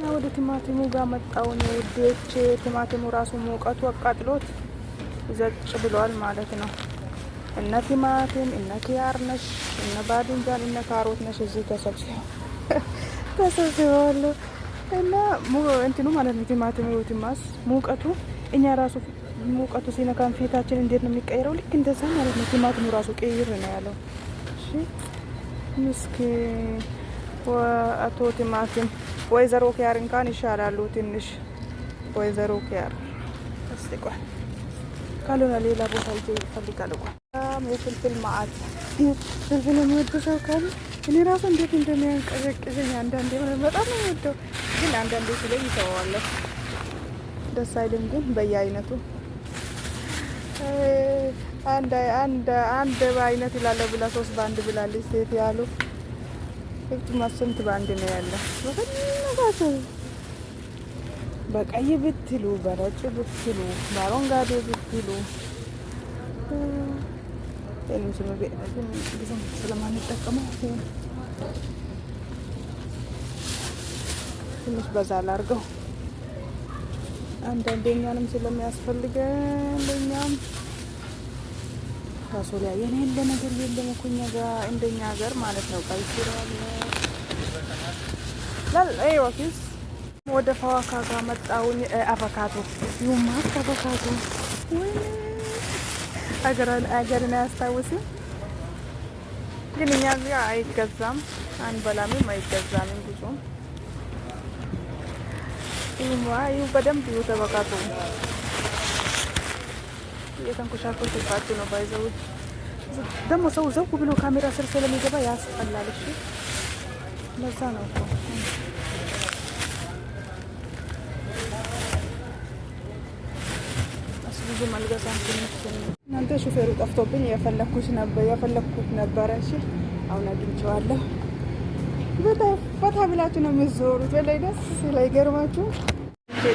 እና ወደ ቲማቲሙ ጋር ነው ውዶች፣ ቲማቲሙ ራሱ ሙቀቱ አቃጥሎት ዘጭ ብሏል ማለት ነው። እነ ቲማቲም እነ ኪያር ነሽ እነ ባድንጃን እነ ካሮት ነሽ እዚህ ተሰብስበው ተሰብስበዋል። እና እንትኑ ማለት ነው ቲማቲሙ ቲማስ ሙቀቱ እኛ ራሱ ሙቀቱ ሲነካን ፊታችን እንዴት ነው የሚቀይረው? ልክ እንደዛ ማለት ነው። ቲማቲሙ ራሱ ቀይር ነው ያለው። እሺ ምስኪ አቶ ቲማቲም ወይዘሮ ኪያር እንኳን ይሻላሉ ትንሽ ወይዘሮ ኪያር ስቋል ካልሆነ ሌላ ቦታ ልጄ ይፈልጋል። ቋል የፍልፍል ማአት ፍልፍል የሚወዱ ሰው ካሉ እኔ ራሱ እንዴት እንደሚያንቀዘቅዘኝ አንዳንድ የሆነ በጣም ነው የምወደው፣ ግን አንዳንዴ ስለኝ ይተዋዋለሁ። ደስ አይልም ግን በየአይነቱ አንድ አንድ አንድ በአይነት ይላለሁ ብላ ሶስት በአንድ ብላለች ሴት ያሉ እጅማ ማስምት በአንድ ነው ያለው። በፈለጋችሁ በቀይ ብትሉ፣ በነጭ ብትሉ፣ በአረንጓዴ ብትሉ ይህንም ስለማንጠቀመው ትንሽ በዛ ላርገው አንዳንዴ እኛንም ስለሚያስፈልገን ለእኛም የኔ እንደ ነገር የለም እኮ እኛ ጋር እንደኛ ሀገር ማለት ነው። ቀይ ስር አለ። ወደ ፋዋካ ጋር መጣውን አቮካዶ ይሁማት አቮካዶ አገርን አያስታውስም። ግን እኛ እዚያ አይገዛም፣ አንበላምም፣ አይገዛምም ብዙም ይሁ በደንብ ይሁት አቮካዶ እየተንኮሻኮሽባችሁ ነው። ባይዘው ደግሞ ሰው ዘው ብሎ ካሜራ ስር ስለሚገባ ያስጠላል። እሺ፣ ለዛ ነው እኮ ብዙም አልገዛም። ትንሽ እናንተ ሹፌሩ ጠፍቶብኝ የፈለኩት ነበር የፈለኩት ነበረ። እሺ፣ አሁን አግኝቼዋለሁ። በጣም ፈታ ብላችሁ ነው የምትዞሩት። በላይ ደስ ሲል አይገርማችሁ?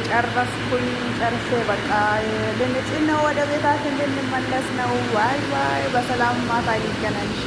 ጨረስኩኝ። ጨርሼ በቃ ልንጭን ነው፣ ወደ ቤታችን ልንመለስ ነው። ዋይ ዋይ፣ በሰላም ማታ ይገናኝ።